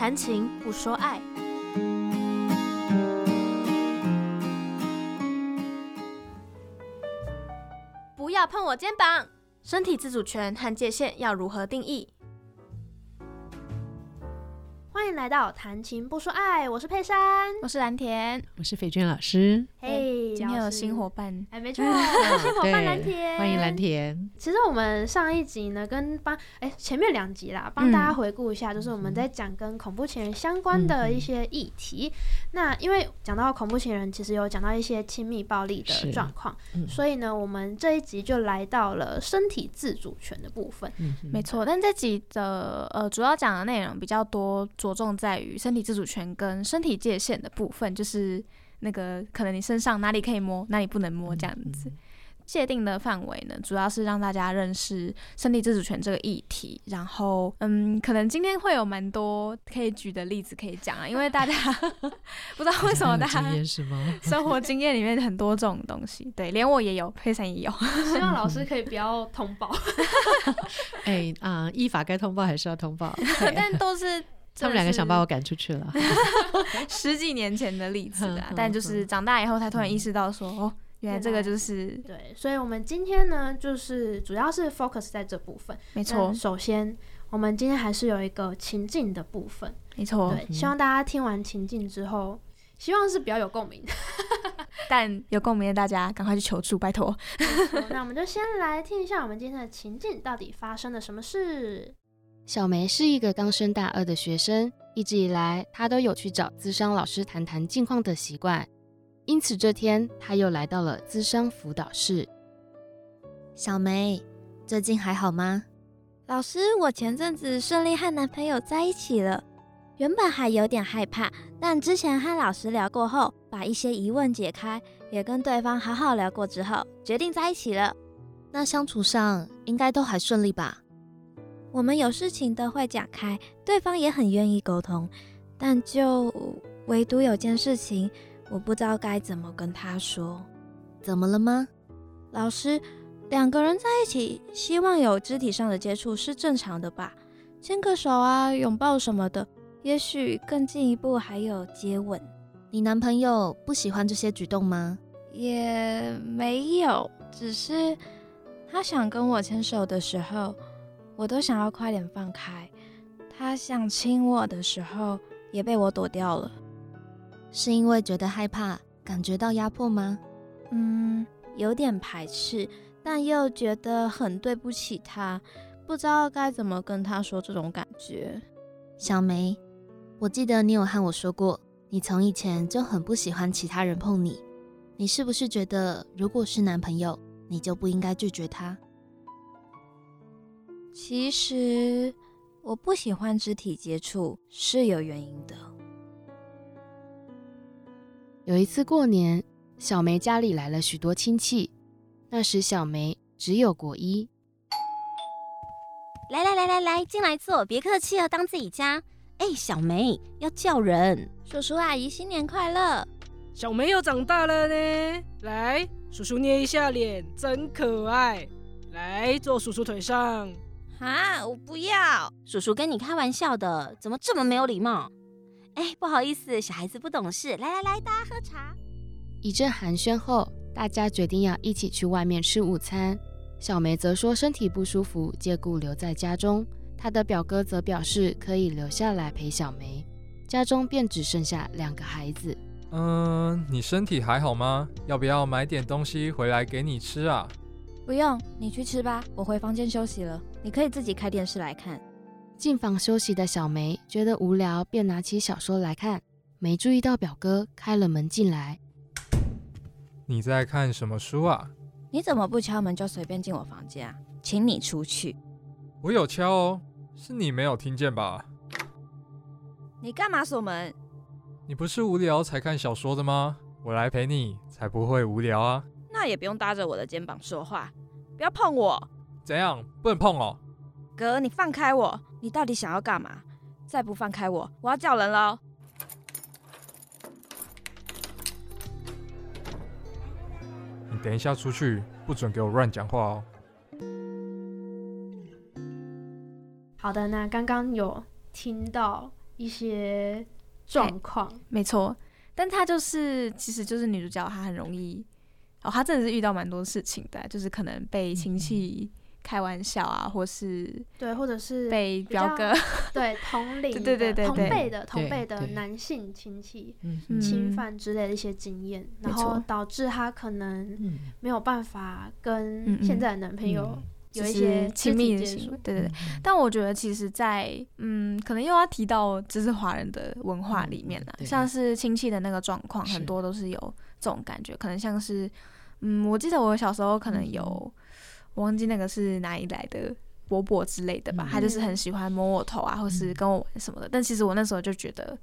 談情不說愛，不要碰我肩膀，身體自主權和界線要如何定義？歡迎來到談情不說愛，我是佩珊，我是藍田，我是斐娟老師，hey 有新夥伴，哎，沒錯， 新夥伴藍田，歡迎藍田。其實我們上一集呢，跟幫哎、欸、前面兩集啦，幫大家回顧一下、嗯，就是我們在講跟恐怖情人相關的一些議題。嗯、那因為講到恐怖情人，其實有講到一些親密暴力的狀況，所以呢，我們這一集就來到了身體自主權的部分。嗯、沒錯，但這集的呃主要講的內容比較多，着重在於身體自主權跟身體界限的部分，就是。那個可能你身上哪裡可以摸，哪裡不能摸，這樣子界定的範圍呢？主要是讓大家認識身體自主權這個議題。然後，嗯，可能今天會有蠻多可以舉的例子可以講啊，因為大家不知道為什麼大家生活經驗裡面很多這種東西，對，連我也有，佩 珊也有。希望老師可以不要通報。哎 啊、欸嗯，依法該通報還是要通報， 但都是。他們兩個想把我趕出去了， 十幾年前的例子的啊， 但就是長大以後他突然意識到說，嗯、哦，原來這個就是對，對。所以我們今天呢，就是主要是 focus 在這部分，沒錯。首先，我們今天還是有一個情境的部分，沒錯。對。希望大家聽完情境之後，嗯、希望是比較有共鳴的， 但有共鳴的大家趕快去求助，拜托。那我們就先來聽一下我們今天的情境到底發生了什麼事。小梅是一個剛升大二的學生，一直以來她都有去找諮商老師談談近況的習慣，因此這天她又來到了諮商輔導室。小梅，最近還好嗎？老師，我前陣子順利和男朋友在一起了，原本還有點害怕，但之前和老師聊過後，把一些疑問解開，也跟對方好好聊過之後，決定在一起了。那相處上應該都還順利吧？我們有事情都會講開，對方也很願意溝通，但就唯獨有件事情，我不知道該怎麼跟他說。怎麼了嗎？老師，兩個人在一起，希望有肢體上的接觸是正常的吧？牽個手啊，擁抱什麼的，也許更進一步還有接吻。你男朋友不喜歡這些舉動嗎？也沒有，只是他想跟我牽手的時候。我都想要快點放開，他想親我的時候也被我躲掉了。是因為覺得害怕，感覺到壓迫嗎？嗯，有點排斥，但又覺得很對不起他，不知道該怎麼跟他說這種感覺。小梅，我記得你有和我說過，你從以前就很不喜歡其他人碰你，你是不是覺得如果是男朋友，你就不應該拒絕他？其實我不喜歡肢體接觸是有原因的。有一次過年，小梅家裡來了許多親戚，那時小梅只有國一。來來來來來，進來坐，別客氣了，當自己家。哎，小梅要叫人。叔叔阿姨新年快樂。小梅又長大了呢，來，叔叔捏一下臉，真可愛。來，坐叔叔腿上。啊！我不要，叔叔跟你開玩笑的，怎麼這麼沒有禮貌？哎，不好意思，小孩子不懂事。來來來，大家喝茶。一陣寒暄後，大家決定要一起去外面吃午餐。小梅則說身體不舒服，借故留在家中。她的表哥則表示可以留下來陪小梅。家中便只剩下兩個孩子。嗯、呃，你身體還好嗎？要不要買點東西回來給你吃啊？不用，你去吃吧，我回房間休息了。你可以自己開電視來看。進房休息的小梅覺得無聊，便拿起小說來看，沒注意到表哥開了門進來。你在看什麼書啊？你怎麼不敲門就隨便進我房間啊？請你出去。我有敲哦，是你沒有聽見吧？你幹嘛鎖門？你不是無聊才看小說的嗎？我來陪你，才不會無聊啊。那也不用搭着我的肩膀說話。不要碰我！怎樣？不能碰哦！哥，你放開我！你到底想要幹嘛？再不放開我，我要叫人了！你等一下出去，不准給我亂講話哦！好的，那剛剛有聽到一些狀況，沒錯，但她就是，其實就是女主角，她很容易。哦，他真的是遇到蠻多事情的，就是可能被親戚開玩笑啊，嗯、或是對，或者是被表哥對同齡 對，對，對，對對對同輩的、同輩的男性親戚侵犯之類的一些經驗、嗯，然後導致他可能沒有辦法跟現在的男朋友，嗯嗯嗯有一些親密的行為，些親密的行為，對對對。嗯、但我覺得，其實在，在嗯，可能又要提到，就是華人的文化裡面啦、嗯、啊，像是親戚的那個狀況，很多都是有這種感覺。可能像是，嗯，我記得我小時候可能有，嗯、我忘記那個是哪裡來的伯伯之類的吧，嗯、他就是很喜歡摸我頭啊，或是跟我玩什麼的、嗯。但其實我那時候就覺得。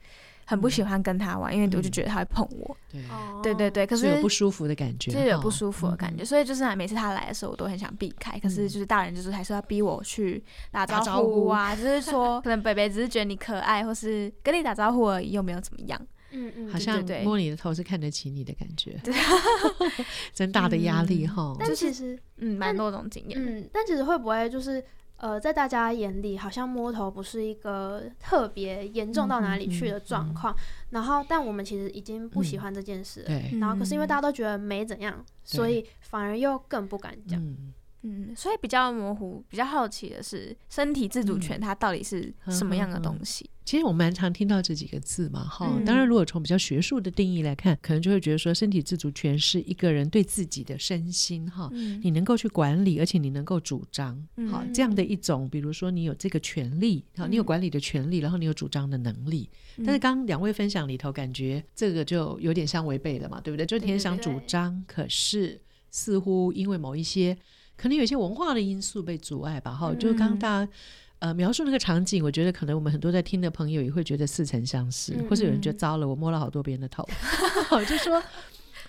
很不喜歡跟他玩，嗯、因為我就覺得他會碰我。對，哦、對對對，可是就有不舒服的感覺，就有不舒服的感覺。所以就是每次他來的時候，我都很想避開、嗯。可是就是大人就是還是要逼我去打招呼啊，呼就是說可能北北只是覺得你可愛， 或是跟你打招呼而已，又沒有怎麼樣。嗯嗯，好像摸你的頭是看得起你的感覺。對 真大的壓力哈、嗯就是，但其實嗯，蠻多種經驗。嗯，但其實會不會就是？呃，在大家眼裡，好像摸頭不是一個特別嚴重到哪裡去的狀況、嗯嗯嗯。然後，但我們其實已經不喜歡這件事、嗯。然後，可是因為大家都覺得沒怎樣，嗯、所以反而又更不敢講。嗯，所以比較模糊、比較好奇的是，身體自主權它到底是什麼樣的東西？嗯、呵呵其實我們蠻常聽到這幾個字嘛，哈。當然，如果從比較學術的定義來看、嗯，可能就會覺得說，身體自主權是一個人對自己的身心，哈、嗯，你能夠去管理，而且你能夠主張，好、嗯、這樣的一種，比如說你有這個權利，好，你有管理的權利，然後你有主張的能力。嗯、但是，剛剛兩位分享裡頭，感覺這個就有點像違背了嘛，對不對？就天天想主張，可是似乎因為某一些。可能有一些文化的因素被阻礙吧，哈、嗯，就是剛剛大家呃描述那個場景，我覺得可能我們很多在聽的朋友也會覺得似曾相識、嗯嗯，或者有人覺得糟了，我摸了好多別人的頭， 就說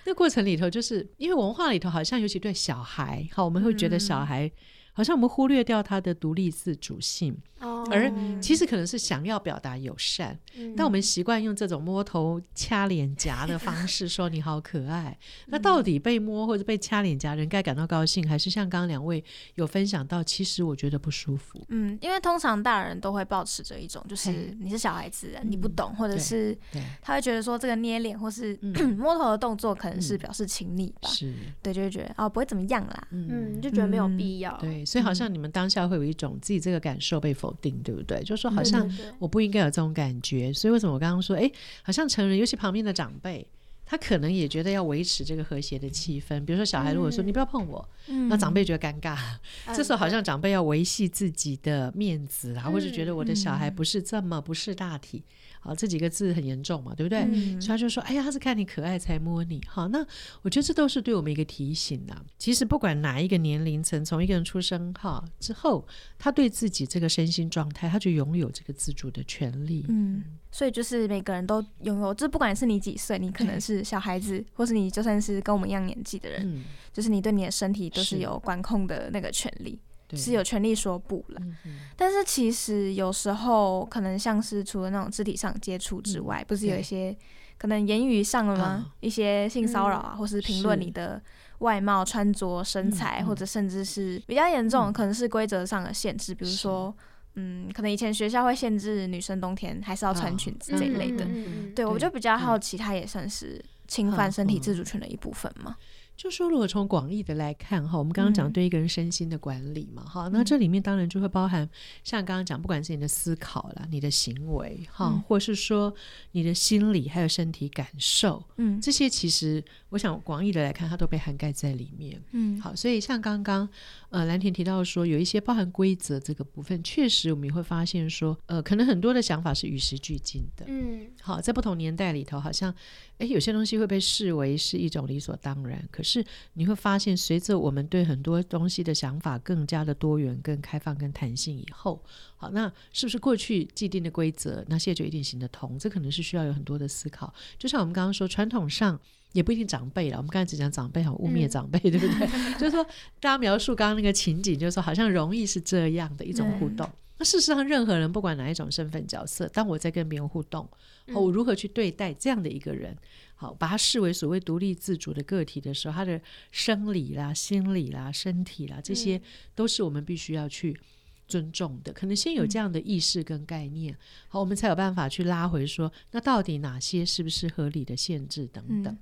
那過程裡頭，就是因為文化裡頭，好像尤其對小孩，好，我們會覺得小孩、嗯。好像我們忽略掉他的獨立自主性，oh. 而其實可能是想要表達友善、嗯，但我們習慣用這種摸頭、掐臉頰的方式說“你好可愛” 嗯。那到底被摸或者被掐臉頰，人該感到高興，還是像剛剛兩位有分享到，其實我覺得不舒服。嗯，因為通常大人都會保持着一種，就是你是小孩子的，你不懂、嗯，或者是他會覺得說這個捏臉或是 摸頭的動作，可能是表示親密吧、嗯？是，對，就會覺得哦，不會怎麼樣啦，嗯，嗯就覺得沒有必要。嗯、對。所以好像你們當下會有一種自己這個感受被否定，對不對？就說好像我不應該有這種感覺。嗯、所以為什麼我剛剛說，哎，好像成人，尤其旁邊的長輩，他可能也覺得要維持這個和諧的氣氛。嗯、比如說小孩如果說你不要碰我，嗯、那長輩覺得尷尬、嗯，這時候好像長輩要維繫自己的面子啊、嗯，或者覺得我的小孩不是這麼不識大體。好，這幾個字很嚴重嘛，對不對、嗯？所以他就說：“哎呀，他是看你可愛才摸你。”哈，那我覺得這都是對我們一個提醒吶、啊。其實不管哪一個年齡層，從一個人出生哈之後，他對自己這個身心狀態，他就擁有這個自主的權利。嗯，所以就是每個人都擁有，就不管是你幾歲，你可能是小孩子，或是你就算是跟我們一樣年紀的人、嗯，就是你對你的身體都是有管控的那個權利。是有權利說不了，嗯，但是其實有時候可能像是除了那種肢體上接觸之外，嗯，不是有一些可能言語上了嗎？嗯、一些性騷擾啊，或是評論你的外貌、穿着、身材、嗯，或者甚至是比較嚴重，可能是規則上的限制，嗯、比如說，嗯，可能以前學校會限制女生冬天還是要穿裙子這一類的。嗯、對、嗯，我就比較好奇，他也算是侵犯身體自主權的一部分嗎？就說，如果從廣義的來看哈，我們剛剛講對一個人身心的管理嘛哈，那、嗯、這裡面當然就會包含像剛剛講，不管是你的思考啦、你的行為哈、嗯，或是說你的心理還有身體感受，嗯，這些其實我想廣義的來看，它都被涵蓋在裡面。嗯，好，所以像剛剛。呃，藍田提到說，有一些包含規則這個部分，確實我們也會發現說，呃，可能很多的想法是與時俱進的。嗯，好，在不同年代裡頭，好像，哎，有些東西會被視為是一種理所當然。可是你會發現，隨着我們對很多東西的想法更加的多元、更開放、更彈性以後，好，那是不是過去既定的規則，那些就一定行得通？這可能是需要有很多的思考。就像我們剛剛說，傳統上。也不一定長輩了，我們剛才只講長輩很污蔑長輩、嗯、對不對？ 就是說，大家描述剛剛那個情景，就是說好像容易是這樣的一種互動。嗯、那事實上，任何人不管哪一種身份角色，當我在跟別人互動、嗯哦，我如何去對待這樣的一個人？好，把他視為所謂獨立自主的個體的時候，他的生理啦、心理啦、身體啦，這些都是我們必須要去尊重的。嗯、可能先有這樣的意識跟概念、嗯，好，我們才有辦法去拉回說，那到底哪些是不是合理的限制等等。嗯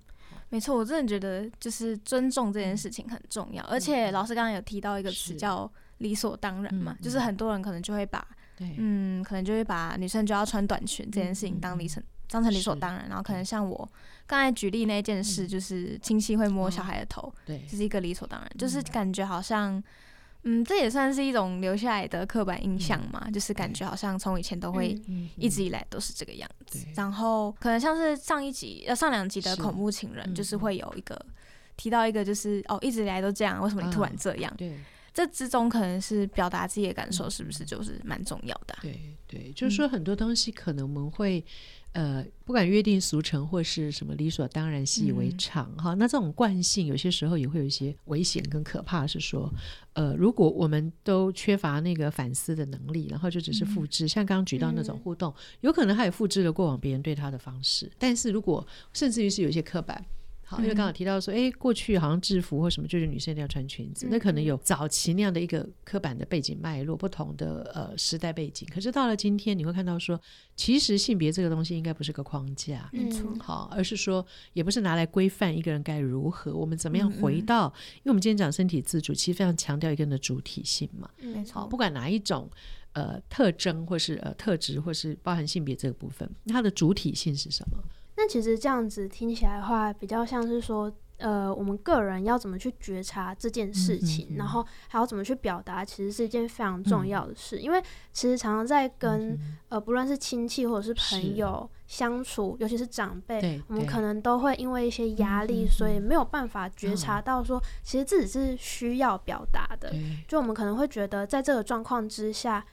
沒錯，我真的覺得就是尊重這件事情很重要，嗯、而且老師剛剛有提到一個詞叫理所當然嘛、嗯嗯，就是很多人可能就會把，嗯，可能就會把女生就要穿短裙這件事情當理成、嗯嗯、當成理所當然，然後可能像我剛才舉例那件事，就是親戚會摸小孩的頭，對、嗯，就是一個理所當然，就是感覺好像。嗯，這也算是一種留下來的刻板印象嘛、嗯，就是感覺好像從以前都會一直以來都是這個樣子。嗯嗯嗯、然後可能像是上一集、呃、上兩集的恐怖情人，就是會有一個、嗯、提到一個就是哦一直以來都這樣，為什麼你突然這樣？哦、對，這之中可能是表達自己的感受，是不是就是蠻重要的、啊？對對，就是說很多東西可能我們會。嗯呃，不管約定俗成或是什麼理所當然，習以為常，嗯、哈，那這種慣性有些時候也會有一些危險跟可怕，是說，呃，如果我們都缺乏那個反思的能力，然後就只是複製，嗯、像剛剛舉到那種互動，嗯、有可能他也複製了過往別人對他的方式，但是如果甚至於是有些刻板。好，因為剛好提到說，哎、欸，過去好像制服或什麼就是女生一定要穿裙子，嗯嗯，那可能有早期那樣的一個刻板的背景脈絡，不同的呃時代背景。可是到了今天，你會看到說，其實性別這個東西應該不是個框架，沒錯，好，而是說也不是拿來規範一個人該如何，我們怎麼樣回到，嗯嗯，因為我們今天講身體自主，其實非常強調一個人的主體性嘛，沒錯，不管哪一種呃特徵或是呃特質或是包含性別這個部分，它的主體性是什麼？那其實這樣子聽起來的話，比較像是說，呃，我們個人要怎麼去覺察這件事情，嗯嗯嗯、然後還要怎麼去表達，其實是一件非常重要的事。嗯、因為其實常常在跟、嗯、呃不論是親戚或者是朋友相處，尤其是長輩，我們可能都會因為一些壓力、嗯，所以沒有辦法覺察到說，嗯、其實自己是需要表達的、嗯。就我們可能會覺得，在這個狀況之下，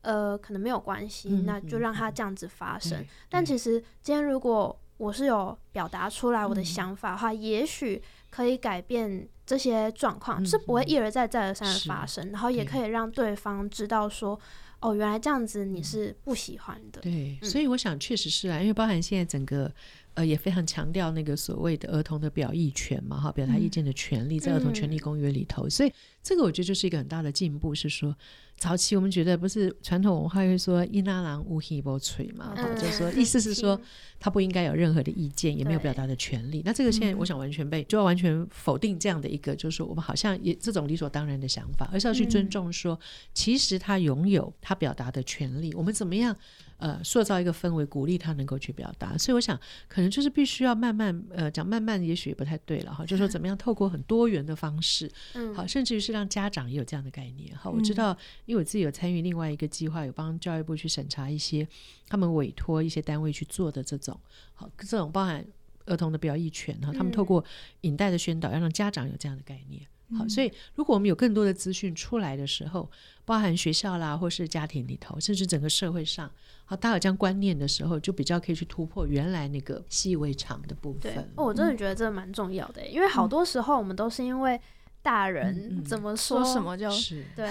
呃，可能沒有關係、嗯，那就讓它這樣子發生。嗯嗯、但其實今天如果我是有表達出來我的想法的話，嗯、也許可以改變這些狀況、嗯嗯，是不會一而再再而三的發生，然後也可以讓對方知道說，哦，原來這樣子你是不喜歡的。對，嗯、所以我想確實是啊，因為包含現在整個，呃，也非常強調那個所謂的兒童的表意權嘛，哈、嗯，表達意見的權利在兒童權利公約裡頭、嗯，所以這個我覺得就是一個很大的進步，是說。早期我們覺得不是傳統文化會說「囡仔人有耳無嘴」嘛，就是說意思是說他不應該有任何的意見，嗯、也沒有表達的權利、嗯。那這個現在我想完全被就要完全否定這樣的一個，就是我們好像也這種理所當然的想法，而是要去尊重說，嗯、其實他擁有他表達的權利，我們怎麼樣？呃，塑造一個氛圍，鼓勵他能夠去表達。所以我想，可能就是必須要慢慢，呃，講慢慢，也許也不太對了哈。 就是說怎麼樣透過很多元的方式，嗯，好，甚至於是讓家長也有這樣的概念哈。我知道，因為我自己有參與另外一個計劃，有幫教育部去審查一些他們委托一些單位去做的這種，好，這種包含兒童的表意權哈、嗯。他們透過影帶的宣導，要讓家長有這樣的概念。好，所以如果我們有更多的資訊出來的時候，包含學校啦，或是家庭裡頭，甚至整個社會上，好，大家有這樣觀念的時候，就比較可以去突破原來那個細微長的部分。對，我真的覺得這蠻重要的、嗯，因為好多時候我們都是因為大人怎麼說，、嗯嗯嗯、說什麼就是對。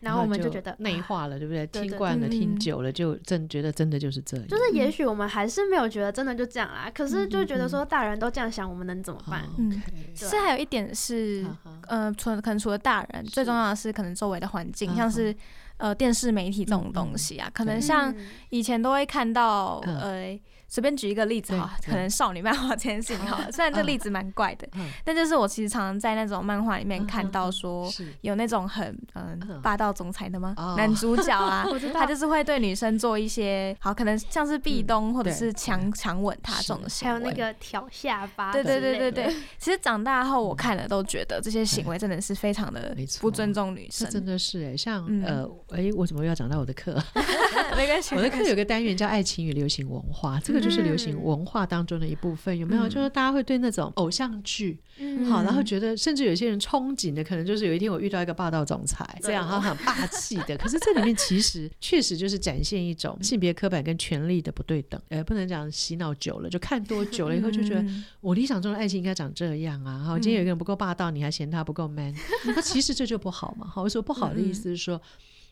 然後我們就覺得內化了，啊、了對不對，對？聽慣了，聽久了、嗯、就真覺得真的就是這樣。就是也許我們還是沒有覺得真的就這樣啊、嗯，可是就覺得說大人都這樣想，我們能怎麼辦？嗯，嗯其實還有一點是，哈哈呃，除可能除了大人，最重要的是可能周圍的環境，哈哈像是呃電視媒體這種東西啊，嗯、可能像以前都會看到、嗯、呃。嗯隨便舉一個例子哈，可能少女漫畫前行哈、哦。雖然這個例子蠻怪的、嗯，但就是我其實常常在那種漫畫裡面看到說有那種很嗯，嗯霸道總裁的嗎？哦、男主角啊，他就是會對女生做一些好，可能像是壁咚或者是強強、嗯、吻她這種的行為。還有那個挑下巴。對對對對對，對，對，對，對。其實長大後我看了都覺得這些行為真的是非常的不尊重女生。嗯、真的是哎，像呃哎、嗯欸，我怎麼又要講到我的課？嗯、 沒關係。我的課有個單元叫愛情與流行文化，這個。嗯、就是流行文化當中的一部分，有沒有？嗯、就是大家會對那種偶像劇、嗯，好，然後覺得，甚至有些人憧憬的，可能就是有一天我遇到一個霸道總裁，嗯、這樣哈，很霸氣的。哦、可是這裡面其實確 實就是展現一種性別刻板跟權力的不對等。呃，不能講洗腦久了就看多久了，以後就覺得、嗯、我理想中的愛情應該長這樣啊。好，今天有一個人不夠霸道，你還嫌他不夠 man，那、嗯、其實這就不好嘛。好，我說不好的意思是說。嗯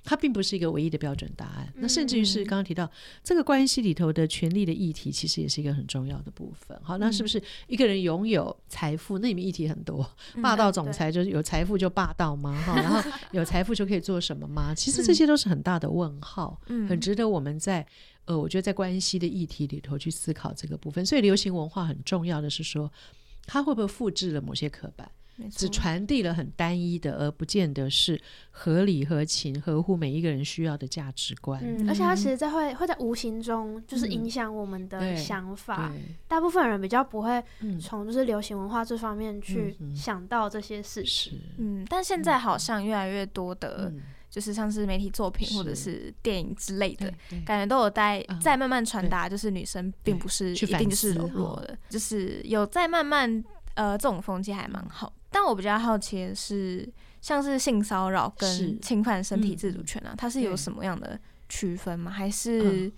它並不是一個唯一的標準答案。那甚至於是剛剛提到嗯嗯這個關係裡頭的權力的議題，其實也是一個很重要的部分。好，那是不是一個人擁有財富，那裡面議題很多。霸道總裁就是有財富就霸道嗎？哈、嗯，然後有財富就可以做什麼嗎？ 其實這些都是很大的問號。嗯，很值得我們在呃，我覺得在關係的議題裡頭去思考這個部分。所以流行文化很重要的是說，它會不會複製了某些刻板？只傳遞了很單一的，而不見得是合理、合情、合乎每一個人需要的價值觀。嗯，而且它其實在會會在無形中就是影響我們的想法、嗯。大部分人比較不會從就是流行文化這方面去想到這些事實、嗯嗯。嗯，但現在好像越來越多的、嗯，就是像是媒體作品或者是電影之類的，感覺都有在在、呃、慢慢傳達，就是女生並不是一定是柔弱的，就是有在慢慢呃這種風氣還蠻好。但我比較好奇的是，像是性騷擾跟侵犯身體自主權啊，嗯、它是有什麼樣的區分嗎？還是、嗯？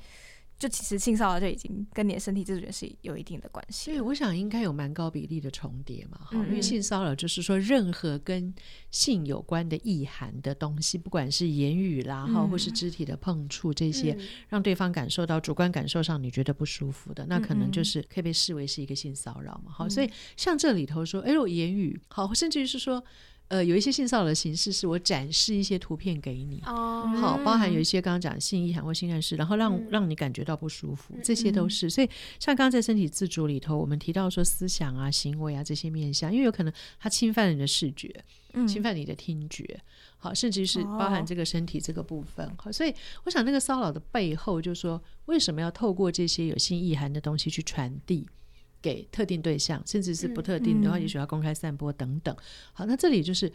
就其實性騷擾就已經跟你的身體自主權是有一定的關係，對，所以我想應該有蠻高比例的重疊嘛，哈、嗯，因為性騷擾就是說任何跟性有關的意涵的東西，不管是言語啦，哈、嗯，或是肢體的碰觸這些、嗯，讓對方感受到主觀感受上你覺得不舒服的，嗯、那可能就是可以被視為是一個性騷擾嘛，嗯、好，所以像這裡頭說，哎，我言語好，甚至於是說。呃，有一些性騷擾的形式是我展示一些圖片給你，哦、好，包含有一些剛剛講性意涵或性暗示，嗯、然後讓讓你感覺到不舒服、嗯，這些都是。所以像剛剛在身體自主裡頭，我們提到說思想啊、行為啊這些面向，因為有可能它侵犯了你的視覺、嗯，侵犯你的聽覺，好，甚至是包含這個身體這個部分。哦、好，所以我想那個騷擾的背後，就是說為什麼要透過這些有性意涵的東西去傳遞？給特定對象，甚至是不特定的話，也許要公開散播等等、嗯嗯。好，那這裡就是，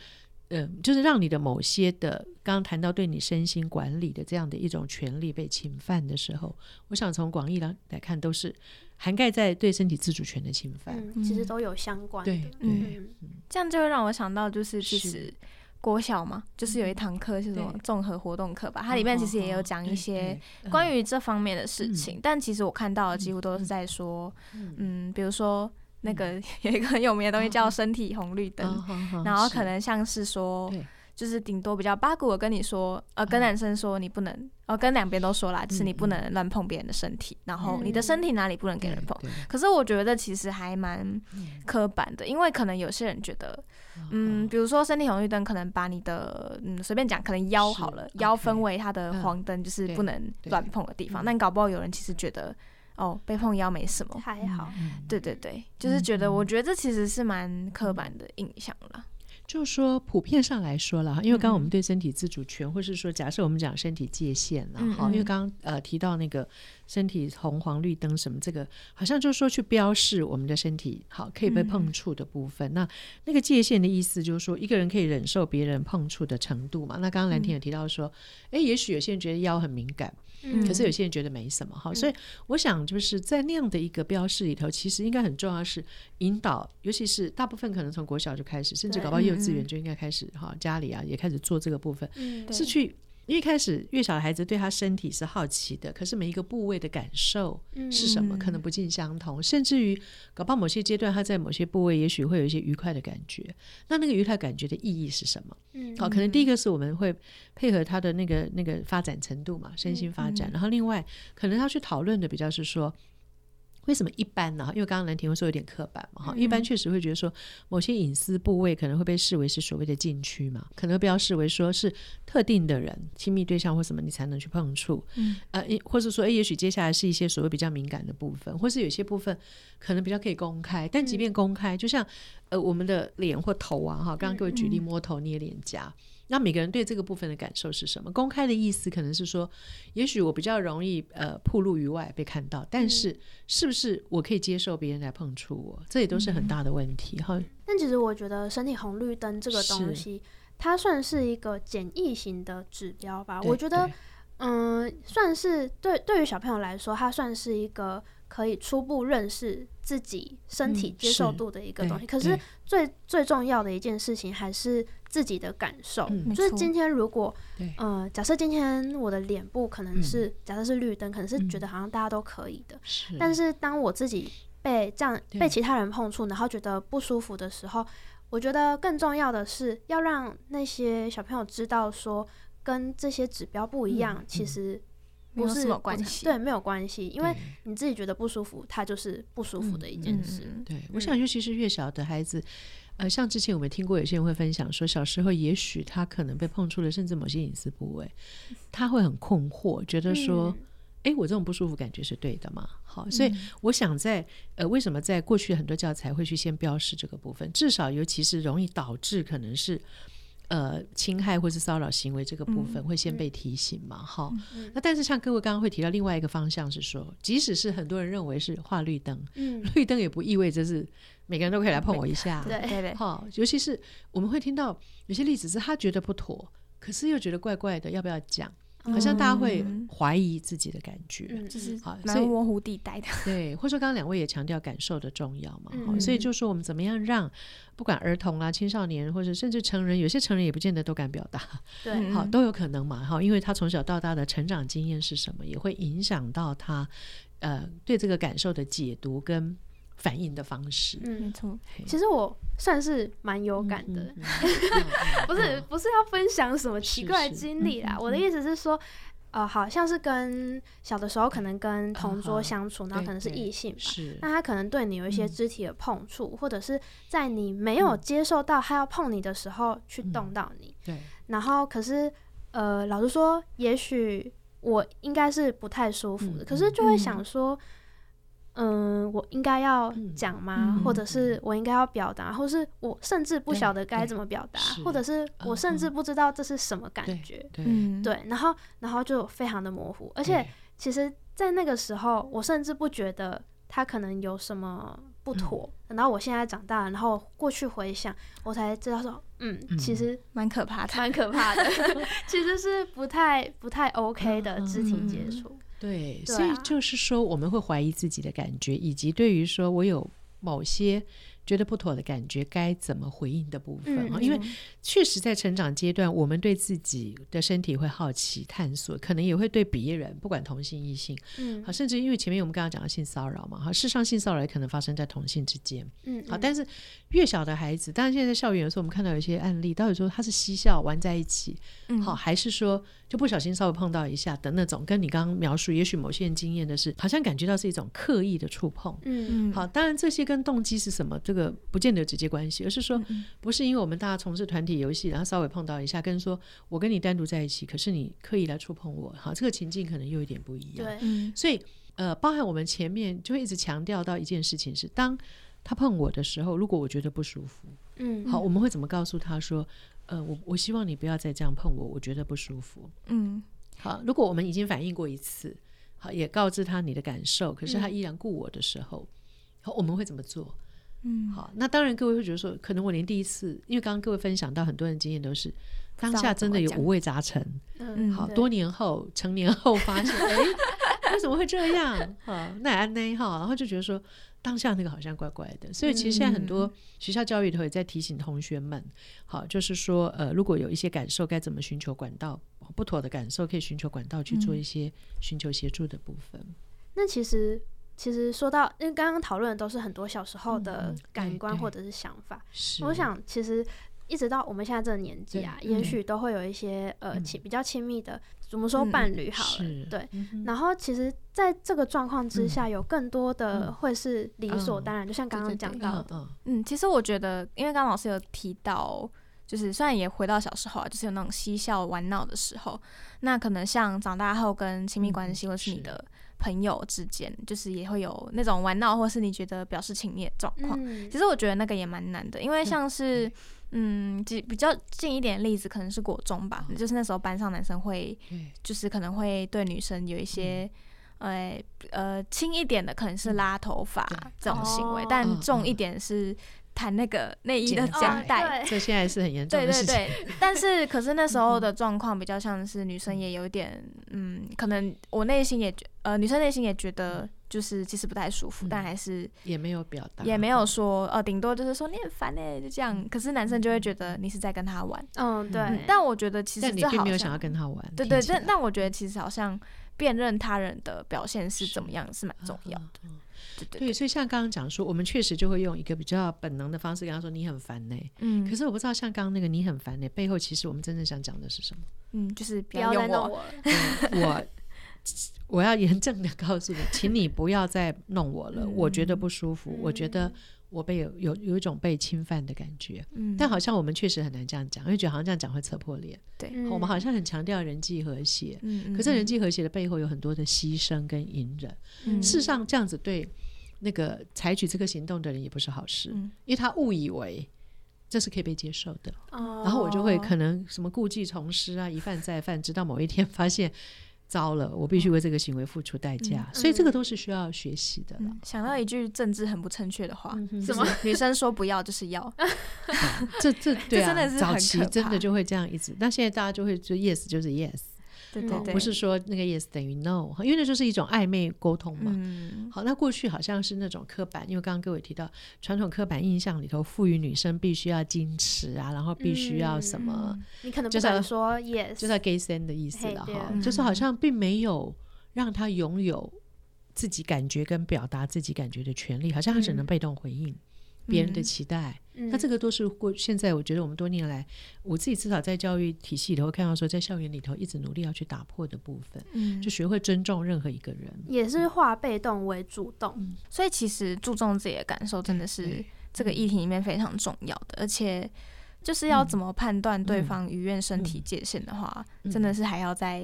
呃、嗯，就是讓你的某些的，剛剛談到對你身心管理的這樣的一種權利被侵犯的時候，我想從廣義來來看，都是涵蓋在對身體自主權的侵犯。嗯、其實都有相關對對、嗯嗯，這樣就會讓我想到，就是其實。國小嘛，就是有一堂課是什麼綜合活動課吧，它裡面其實也有講一些關於這方面的事情，嗯，但其實我看到的幾乎都是在說，嗯，嗯嗯比如說那個有一個很有名的東西叫身體紅綠燈，嗯，然後可能像是說。就是頂多比較八卦，我跟你說，呃，跟男生說你不能，哦、啊呃，跟兩邊都說啦、嗯，就是你不能亂碰別人的身體、嗯，然後你的身體哪裡不能給人碰？嗯、可是我覺得其實還蠻刻板的、嗯，因為可能有些人覺得，嗯，嗯比如說身體紅綠燈，可能把你的，嗯，隨便講，可能腰好了，腰分為它的黃燈、嗯，就是不能亂碰的地方，嗯嗯、但你搞不好有人其實覺得，哦，被碰腰沒什麼，還好，嗯、對對對、嗯，就是覺得，我覺得這其實是蠻刻板的印象了。就說普遍上來說了哈，因為剛剛我們對身體自主權、嗯，或是說假設我們講身體界限了哈、嗯，因為剛剛呃提到那個。身體紅黃綠燈什麼，這個好像就是說去標示我們的身體好可以被碰觸的部分嗯嗯。那那個界限的意思就是說，一個人可以忍受別人碰觸的程度嘛。那剛剛藍婷有提到說，哎、嗯欸，也許有些人覺得腰很敏感，嗯、可是有些人覺得沒什麼哈、嗯。所以我想，就是在那樣的一個標示裡頭，其實應該很重要的是引導，尤其是大部分可能從國小就開始，甚至搞到幼稚園就應該開始哈、嗯嗯，家裡啊也開始做這個部分，嗯、是去。因為一開始，越小的孩子對他身體是好奇的，可是每一個部位的感受是什麼，嗯、可能不盡相同。甚至於搞不好某些階段，他在某些部位也許會有一些愉快的感覺。那那個愉快感覺的意義是什麼？嗯，好、哦，可能第一個是我們會配合他的那個那個發展程度嘛，身心發展。嗯、然後另外，可能要去討論的比較是說。為什麼一般呢？因為剛剛蘭庭說有點刻板嘛，哈、嗯，一般確實會覺得說某些隱私部位可能會被視為是所謂的禁區嘛，可能不要視為說是特定的人、親密對象或什麼你才能去碰觸，嗯，呃，或是說，哎、欸，也許接下來是一些所謂比較敏感的部分，或是有些部分可能比較可以公開，但即便公開，嗯、就像。呃，我們的臉或頭啊，哈，剛剛各位舉例摸頭捏臉頰，嗯嗯，那每個人對這個部分的感受是什麼？公開的意思可能是說，也許我比較容易呃，暴露於外被看到，但是是不是我可以接受別人來碰觸我？這也都是很大的問題哈，嗯。但其實我覺得身體紅綠燈這個東西，它算是一個簡易型的指標吧。我覺得，嗯，呃，算是對對於小朋友來說，它算是一個。可以初步認識自己身體接受度的一個東西，可是最最重要的一件事情還是自己的感受。就是今天如果，嗯，假設今天我的臉部可能是假設是綠燈，可能是覺得好像大家都可以的。但是當我自己被這樣被其他人碰觸，然後覺得不舒服的時候，我覺得更重要的是要讓那些小朋友知道說，跟這些指標不一樣，其實。不是有什麼關係， 對，沒有關係，因為你自己覺得不舒服，它就是不舒服的一件事。嗯嗯、對、嗯，我想，尤其是越小的孩子，呃，像之前我們聽過有些人會分享說，小時候也許他可能被碰觸了，甚至某些隱私部位，他會很困惑，覺得說，哎、嗯，我這種不舒服感覺是對的嗎？好，所以我想在呃，為什麼在過去很多教材會去先標示這個部分？至少，尤其是容易導致可能是。呃，侵害或是騷擾行為這個部分會先被提醒嘛？好、嗯，那但是像各位剛剛會提到另外一個方向是說，嗯、即使是很多人認為是畫綠燈、嗯，綠燈也不意味着是每個人都可以來碰我一下，嗯、對，對，對，好，尤其是我們會聽到有些例子是他覺得不妥，可是又覺得怪怪的，要不要講？好像大家會懷疑自己的感覺，就、嗯、是好，蠻模糊地帶的，對，或者說剛剛兩位也強調感受的重要嘛、嗯，所以就說我們怎麼樣讓，不管兒童啊、青少年或者甚至成人，有些成人也不見得都敢表達，對、嗯，好都有可能嘛，哈，因為他從小到大的成長經驗是什麼，也會影響到他，呃，對這個感受的解讀跟。反應的方式，嗯，沒錯。其實我算是蠻有感的，嗯、哼哼 不是、嗯、不是要分享什麼奇怪的經歷啦是是，嗯。我的意思是說，嗯、呃，好像是跟小的時候可能跟同桌相處，嗯、然後可能是異性吧。那他可能對你有一些肢體的碰觸，嗯，或者是在你沒有接受到他要碰你的時候去動到你。嗯、對。然後可是，呃，老實說，也許我應該是不太舒服的，嗯，可是就會想說。嗯嗯，我應該要講嗎、嗯嗯？或者是我應該要表達、嗯，或是我甚至不曉得該怎麼表達，或者是我甚至不知道這是什麼感覺，嗯、對，對，對，然後然後就非常的模糊。而且其實，在那個時候，我甚至不覺得他可能有什麼不妥、嗯。然後我現在長大了，然後過去回想，我才知道說，嗯，嗯其實蠻可怕的，蠻可怕的， 其實是不太不太 OK 的肢體接觸。嗯嗯對，所以就是說，我們會懷疑自己的感覺、啊，以及對於說我有某些覺得不妥的感覺，該怎麼回應的部分啊、嗯嗯？因為確實在成長階段，我們對自己的身體會好奇、探索，可能也會對別人，不管同性、異性，嗯，好，甚至因為前面我們剛剛講到性騷擾嘛，哈，事實上性騷擾也可能發生在同性之間，嗯，嗯，好，但是越小的孩子，當然現在，在校園有時候我們看到有一些案例，到底說他是嬉笑玩在一起、嗯，好，還是說？就不小心稍微碰到一下的那種，跟你剛剛描述，也許某些人經驗的是，好像感覺到是一種刻意的觸碰。嗯，好，當然這些跟動機是什麼，這個不見得有直接關係，而是說，不是因為我們大家從事團體遊戲，然後稍微碰到一下，跟說我跟你單獨在一起，可是你刻意來觸碰我，好，這個情境可能又有點不一樣。對，所以呃，包含我們前面就會一直強調到一件事情是，當他碰我的時候，如果我覺得不舒服。嗯，好，我們會怎麼告訴他說，呃，我我希望你不要再這樣碰我，我覺得不舒服。嗯，好，如果我們已經反應過一次，好，也告知他你的感受，可是他依然故我的時候，嗯，好，我們會怎麼做？嗯，好，那當然，各位會覺得說，可能我連第一次，因為剛剛各位分享到，很多人經驗都是當下真的有五味雜陳。嗯，好，多年後成年後發現，哎，嗯欸，為什麼會這樣？ 好，那安奈哈，然後就覺得說。當下那個好像怪怪的，所以其實現在很多學校教育裡頭也在提醒同學們，嗯、好，就是說呃，如果有一些感受，該怎麼尋求管道？不妥的感受可以尋求管道去做一些尋求協助的部分、嗯。那其實，其實說到，因為剛剛討論的都是很多小時候的感官或者是想法，嗯、對對對，是我想其實。一直到我們現在這個年紀啊，也許都會有一些、嗯、呃親比較親密的、嗯，怎麼說伴侶好了，對、嗯。然後其實在這個狀況之下、嗯，有更多的會是理所當然，嗯、就像剛剛講到，嗯，其實我覺得，因為剛剛老師有提到，就是雖然也回到小時候啊，就是有那種嬉笑玩鬧的時候，那可能像長大後跟親密關係或、嗯就是你的朋友之間，就是也會有那種玩鬧或是你覺得表示親密的狀況。其實我覺得那個也蠻難的，因為像是。嗯嗯嗯，比比較近一點的例子可能是國中吧，哦，就是那時候班上男生會、嗯，就是可能會對女生有一些，嗯，呃呃輕一點的可能是拉頭髮這種行為，嗯，哦，但重一點是。談那個內衣的交代，這現在是很嚴重的。對對對，但是可是那時候的狀況比較像是女生也有點，嗯，可能我內心也覺呃，女生內心也覺得就是其實不太舒服，嗯、但還是也沒有表達，也沒有說呃，頂多就是說你很煩、欸、就這樣、嗯。可是男生就會覺得你是在跟他玩，嗯對、嗯。但我覺得其實好像你並沒有想要跟他玩，對，對對，但但我覺得其實好像。辨認他人的表現是怎麼樣是蠻重要的，啊、對，對，對，對，對。所以像剛剛講說，我們確實就會用一個比較本能的方式跟他說：“你很煩呢、欸”。嗯，可是我不知道像剛剛那個“你很煩呢、欸”背後，其實我們真正想講的是什麼？嗯，就是不要弄，我，不要弄我、， 嗯、我，我我要嚴正的告訴你，請你不要再弄我了， 我覺得不舒服，嗯、我覺得。我被有有有一種被侵犯的感覺，嗯、但好像我們確實很難這樣講，因為覺得好像這樣講會扯破臉。對，我們好像很強調人際和諧、嗯，可是人際和諧的背後有很多的犧牲跟隱忍。事、嗯、實上，這樣子對那個採取這個行動的人也不是好事，嗯、因為他誤以為這是可以被接受的。哦、然後我就會可能什麼故伎重施啊，一犯再犯，直到某一天發現。糟了，我必須為這個行為付出代價，嗯，所以這個都是需要學習的啦。嗯，想到一句政治很不正確的話，什麼？是不是，女生說不要就是要。 嗯，這這對啊這，早期真的就會這樣一直，那現在大家就會就 yes 就是 yes。對對對，不是說那個 yes 等於 no，嗯、因為那就是一種曖昧溝通嘛，嗯。好，那過去好像是那種刻板，因為剛剛各位提到傳統刻板印象裡頭，賦予女生必須要矜持啊、嗯，然後必須要什麼，你可能不可以說 yes，就是 gay send 的意思了哈，就是好像並沒有讓她擁有自己感覺跟表達自己感覺的權利，好像她只能被動回應。嗯別人的期待、嗯嗯，那這個都是過現在我覺得我們多年來，我自己至少在教育體系裡頭看到說，在校園裡頭一直努力要去打破的部分，嗯、就學會尊重任何一個人，也是化被動為主動、嗯。所以其實注重自己的感受，真的是這個議題裡面非常重要的，嗯、而且。就是要怎麼判斷對方逾越身體界限的話，真的是還要再，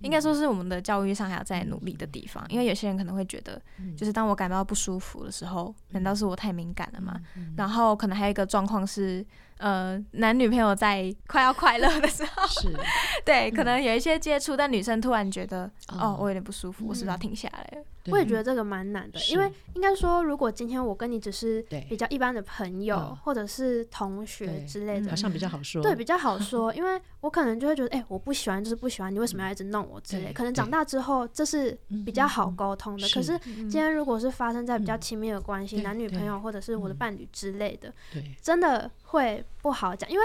應該說是我們的教育上還要再努力的地方。因為有些人可能會覺得，就是當我感到不舒服的時候，難道是我太敏感了嗎？然後可能還有一個狀況是。呃，男女朋友在快要快樂的時候， 是 對、嗯，可能有一些接觸，但女生突然覺得、嗯，哦，我有點不舒服，嗯、我是不是要停下來？我也覺得這個蠻難的，因為應該說，如果今天我跟你只是比較一般的朋友或者是同學之類的、嗯嗯，好像比較好說，對，比較好說， 因為我可能就會覺得，哎、欸，我不喜歡，就是不喜歡，你為什麼要一直弄我之類的？可能長大之後，這是比較好溝通的，可是今天如果是發生在比較親密的關係，男女朋友或者是我的伴侶之類的，真的。會不好講，因為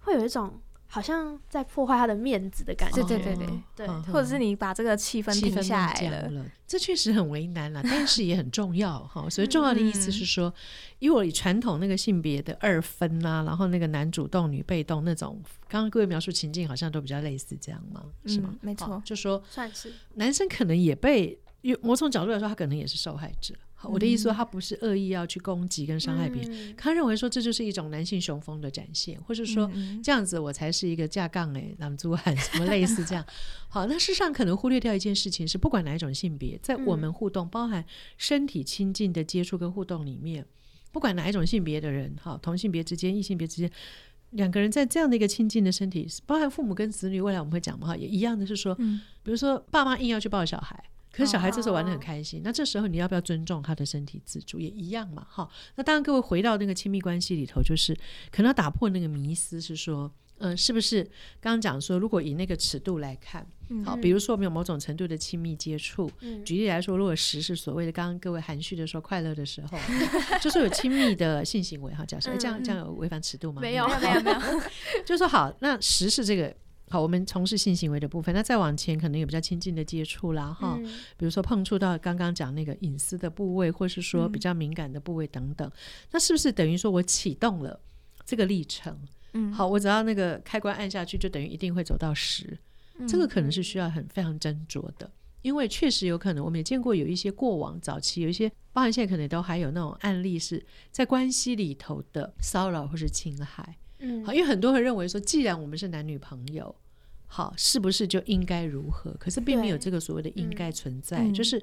會有一種好像在破壞他的面子的感覺，嗯、對對對對、哦對嗯，或者是你把這個氣氛停下來了，了，這確實很為難了， 但是也很重要哈、哦。所以重要的意思是說，因、嗯、為傳統那個性別的二分吶、啊，然後那個男主動女被動那種，剛剛各位描述情境好像都比較類似這樣嗎？是嗎？嗯、沒錯，就、哦、說算是男生可能也被，由某種角度來說，他可能也是受害者。我的意思說，他不是惡意要去攻擊跟傷害別人、嗯，他認為說這就是一種男性雄風的展現，嗯、或者說、嗯、這樣子我才是一個架槓誒、欸，男子漢什麼類似這樣。 好，那事實上可能忽略掉一件事情是，不管哪一種性別，在我們互動，包含身體親近的接觸跟互動裡面，嗯、不管哪一種性別的人，哈，同性別之間、異性別之間，兩個人在這樣的一個親近的身體，包含父母跟子女，未來我們會講嘛，也一樣的是說、嗯，比如說爸媽硬要去抱小孩。可是小孩這時候玩得很開心、哦，那這時候你要不要尊重他的身體自主、哦、也一樣嘛，哈。那當然，各位回到那個親密關係裡頭，就是可能要打破那個迷思，是說，嗯、呃，是不是？剛剛講說，如果以那個尺度來看、嗯，好，比如說我們有某種程度的親密接觸、嗯，舉例來說，如果實是所謂的剛剛各位含蓄的說快樂的時候，嗯、就是有親密的性行為哈，假設、嗯欸、這樣、嗯、這樣有違反尺度嗎？沒有沒有沒有， 就說好，那實是這個。好，我們從事性行為的部分，那再往前可能有比較親近的接觸啦，哈、嗯，比如說碰觸到剛剛講那個隱私的部位，或是說比較敏感的部位等等，嗯、那是不是等於說我啟動了這個歷程？嗯，好，我只要那個開關按下去，就等於一定會走到十、嗯，這個可能是需要很非常斟酌的，嗯、因為確實有可能，我們也見過有一些過往早期有一些，包含，現在可能都還有那種案例是在關係裡頭的騷擾或是侵害。好，因為很多人認為說，既然我們是男女朋友，好，是不是就應該如何？可是並沒有這個所謂的應該存在，嗯嗯、就是。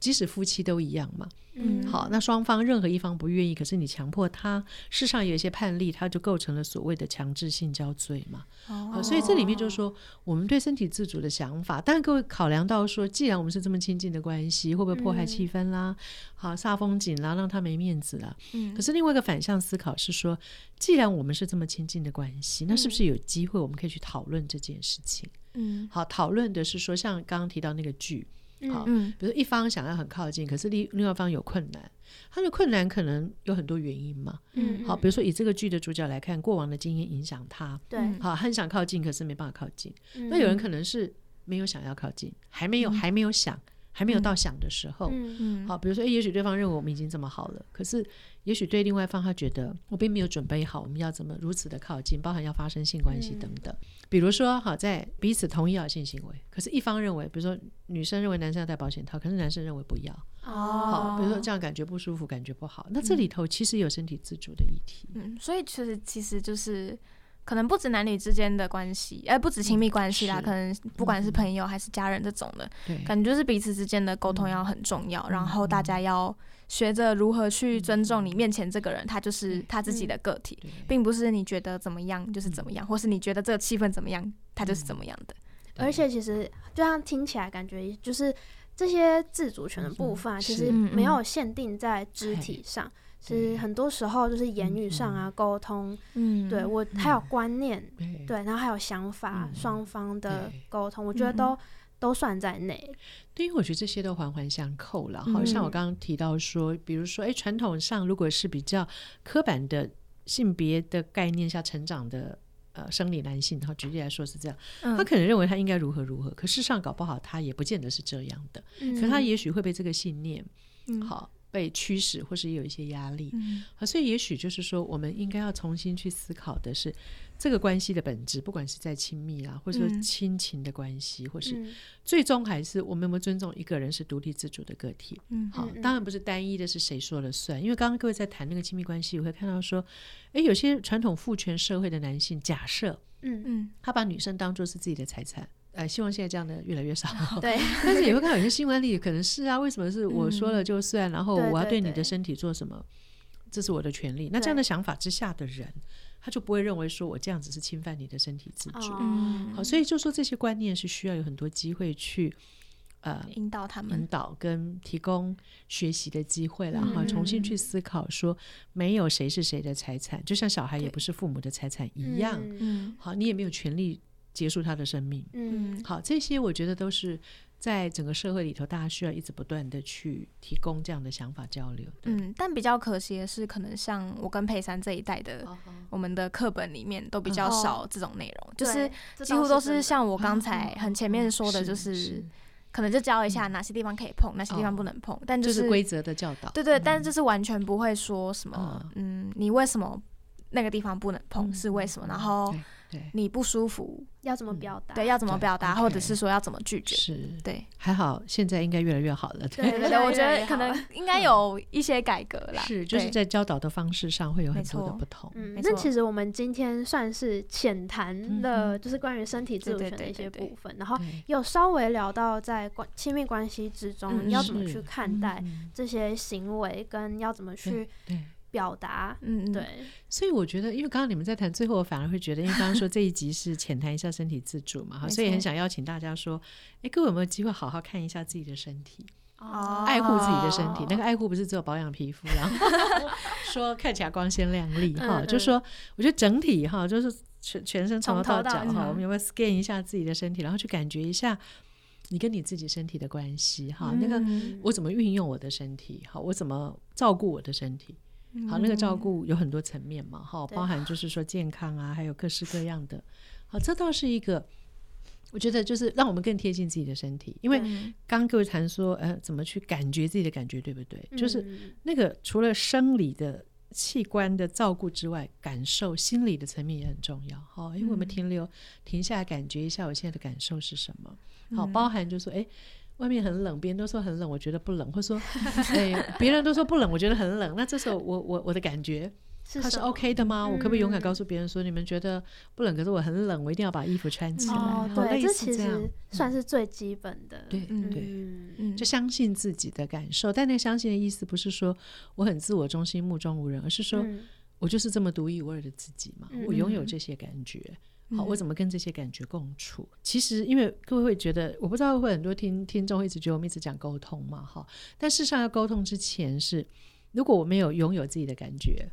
即使夫妻都一樣嘛，嗯，好，那雙方任何一方不願意，可是你強迫他，世上有一些判例，他就構成了所謂的強制性交罪嘛，哦，好，所以這裡面就是說，我們對身體自主的想法，當然各位考量到說，既然我們是這麼親近的關係，會不會破壞氣氛啦？嗯，好，煞風景啦，讓他沒面子啊。嗯，可是另外一個反向思考是說，既然我們是這麼親近的關係，那是不是有機會我們可以去討論這件事情？嗯，好，討論的是說，像剛剛提到那個劇。好、哦，比如一方想要很靠近，嗯、可是另另外一方有困難，他的困難可能有很多原因嘛。嗯、好、哦，比如說以這個劇的主角來看，過往的經驗影響他。對、嗯，好、哦，很想靠近，可是沒辦法靠近、嗯。那有人可能是沒有想要靠近，還沒有、嗯、還沒有想。還沒有到想的時候，嗯、好，比如說，欸、也許對方認為我們已經這麼好了，嗯、可是也許對另外一方，他覺得我並沒有準備好，我們要怎麼如此的靠近，包含要發生性關係等等、嗯。比如說，好，在彼此同意要性行為，可是一方認為，比如說女生認為男生要戴保險套，可是男生認為不要、哦，好，比如說這樣感覺不舒服，感覺不好。那這裡頭其實有身體自主的議題。嗯，嗯，所以其實其實就是。可能不止男女之間的關係，哎、呃，不止親密關係啦，可能不管是朋友還是家人這種的，感覺就是彼此之間的溝通要很重要、嗯，然後大家要學着如何去尊重你面前這個人，嗯、他就是他自己的個體，並不是你覺得怎麼樣就是怎麼樣，或是你覺得這個氣氛怎麼樣，他就是怎麼樣的。而且其實這樣聽起來感覺就是這些自主權的部分，其實沒有限定在肢體上。其實很多時候就是言語上啊、嗯、溝通，嗯，對我還有觀念、嗯，對，然後還有想法，嗯、雙方的溝通，嗯、我覺得都、嗯、都算在內。對，於我覺得這些都環環相扣了。好像我剛剛提到說，嗯、比如說，哎，傳統上如果是比較刻板的性別的概念下成長的呃生理男性，然後舉例來說是這樣、嗯，他可能認為他應該如何如何，可事實上搞不好他也不見得是這樣的。嗯、可是他也許會被這個信念，嗯，好。被驅使，或是有一些壓力，好、嗯啊，所以也許就是說，我們應該要重新去思考的是，這個關係的本質，不管是在親密啦、啊，或者說親情的關係、嗯，或是最終還是我們有沒有尊重一個人是獨立自主的個體？好、嗯啊嗯，當然不是單一的是誰說了算，因為剛剛各位在談那個親密關係，我會看到說，誒、欸，有些傳統父權社會的男性假設。嗯嗯，他把女生當作是自己的財產，哎、呃，希望現在這樣的越來越少。對，但是也會看有些新聞裡，可能是啊，為什麼是我說了就算，嗯、然後我要對你的身體做什麼，對對對，這是我的權利。那這樣的想法之下的人，他就不會認為說我這樣子是侵犯你的身體自主。嗯，好，所以就說這些觀念是需要有很多機會去。呃，引導他們引導跟提供學習的機會了哈，然後重新去思考說沒有誰是誰的財產、嗯，就像小孩也不是父母的財產一樣。嗯，好，嗯，你也沒有權利結束他的生命。嗯，好，這些我覺得都是在整個社會裡頭，大家需要一直不斷的去提供這樣的想法交流。嗯，但比較可惜的是，可能像我跟佩珊這一代的，我們的課本裡面都比較少這種內容、嗯，就是幾乎都是像我剛才很前面說的，就是、嗯。嗯。是。是。可能就教一下哪些地方可以碰，嗯、哪些地方不能碰，哦、但就是規則、就是、的教導，對對，對嗯嗯，但是就是完全不會說什麼嗯，嗯，你為什麼那個地方不能碰、嗯、是為什麼，嗯、然後。對你不舒服要怎麼表達、嗯？對，要怎麼表達，okay, 或者是說要怎麼拒絕？是，對，還好現在應該越來越好了。對對,對對， 我覺得可能應該有一些改革了。是，就是在教導的方式上會有很多的不同。嗯,嗯，沒錯，那其實我們今天算是淺談了、嗯，就是關於身體自主權的一些部分，對對對對對然後有稍微聊到在關親密關係之中、嗯、你要怎麼去看待、嗯、這些行為，跟要怎麼去表達，嗯，對，所以我覺得，因為剛剛你們在談，最後我反而會覺得，因為剛剛說這一集是淺談一下身體自主嘛，哈， 所以很想邀請大家說，哎、欸，各位有沒有機會好好看一下自己的身體，哦，愛護自己的身體，那個愛護不是只有保養皮膚，然後 說看起來光鮮亮麗，哈， 就說我覺得整體哈，就是全全身從頭到腳哈、嗯，我們有沒有 scan 一下自己的身體，然後去感覺一下你跟你自己身體的關係，哈，那個我怎麼運用我的身體，好、嗯，我怎麼照顧我的身體。好，那個照顧有很多層面嘛，哈、嗯哦，包含就是說健康啊，還有各式各樣的。好，這倒是一個，我覺得就是讓我們更貼近自己的身體。因為剛各位談說、嗯，呃，怎麼去感覺自己的感覺，對不對？就是那個除了生理的器官的照顧之外，感受心理的層面也很重要。好，因為我們停留停下來，感覺一下我現在的感受是什麼。好，包含就說、是，哎。外面很冷，別人都說很冷，我覺得不冷，或者說，哎、 欸，別人都說不冷，我覺得很冷。那這時候，我我我的感覺，他是，是 OK 的嗎、嗯？我可不可以勇敢告訴別人說、嗯，你們覺得不冷，可是我很冷，我一定要把衣服穿起來？哦、對這，這其實算是最基本的。嗯、對，嗯，對，嗯對，就相信自己的感受。嗯、但那個相信的意思不是說我很自我中心、目中無人，而是說我就是這麼獨一無二的自己嘛。嗯、我擁有這些感覺。好，我怎麼跟這些感覺共處？嗯、其實，因為各位會覺得，我不知道會很多聽聽眾會一直覺得我們一直講溝通嘛，哈。但事實上，要溝通之前是，如果我沒有擁有自己的感覺，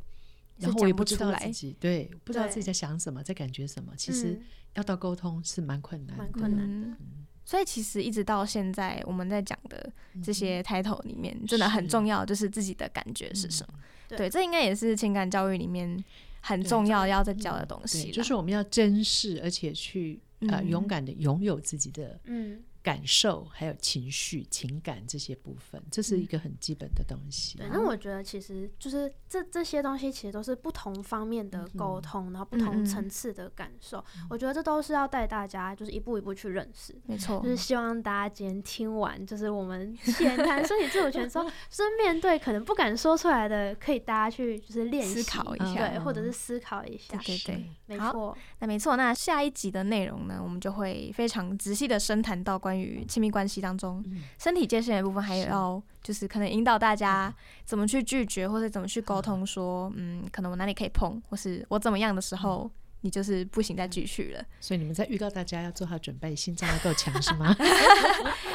然後我也不知道自己對，對，不知道自己在想什麼，在感覺什麼，其實要到溝通是蠻困難的，蠻、嗯、困難的。所以，其實一直到現在我們在講的這些 title 裡面，真的很重要，就是自己的感覺是什麼。嗯、對，對，這應該也是情感教育裡面很重要要在教的東西，對，就是我們要珍視，而且去，嗯，呃勇敢的擁有自己的，嗯、感受，還有情緒、情感這些部分，這是一個很基本的東西。反、嗯、正、嗯、我覺得其實就是這這些東西其實都是不同方面的溝通，嗯嗯，然後不同層次的感受嗯嗯。我覺得這都是要帶大家就是一步一步去認識。沒、嗯、錯，就是希望大家今天聽完，就是我們淺談身體自主權的時 就是面對可能不敢說出來的，可以大家去就是練習一下，嗯，對，或者是思考一下。嗯、對對對，沒錯。那沒錯，那下一集的內容呢，我們就會非常仔細的深談到關。與親密關係當中，嗯，身體界限的部分還有要就是可能引導大家怎麼去拒絕，或者怎麼去溝通說，說嗯，嗯，可能我哪裡可以碰，嗯，或是我怎麼樣的時候，嗯，你就是不行，再繼續了。所以你們在預告大家要做好準備，心臟要夠強，是嗎？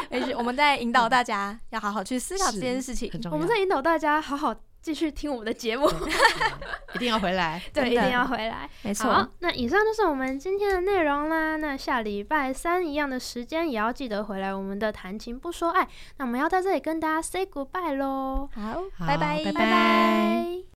而 且 我們在引導大家要好好去思考這件事情，我們在引導大家好好。繼續聽我們的節目，嗯嗯，一定要回來， 對，一定要回來，沒錯。那以上就是我們今天的內容啦。那下禮拜三一樣的時間，也要記得回來我們的談情不說愛。那我們要在這裡跟大家 say goodbye 咯，好，好拜拜，拜拜。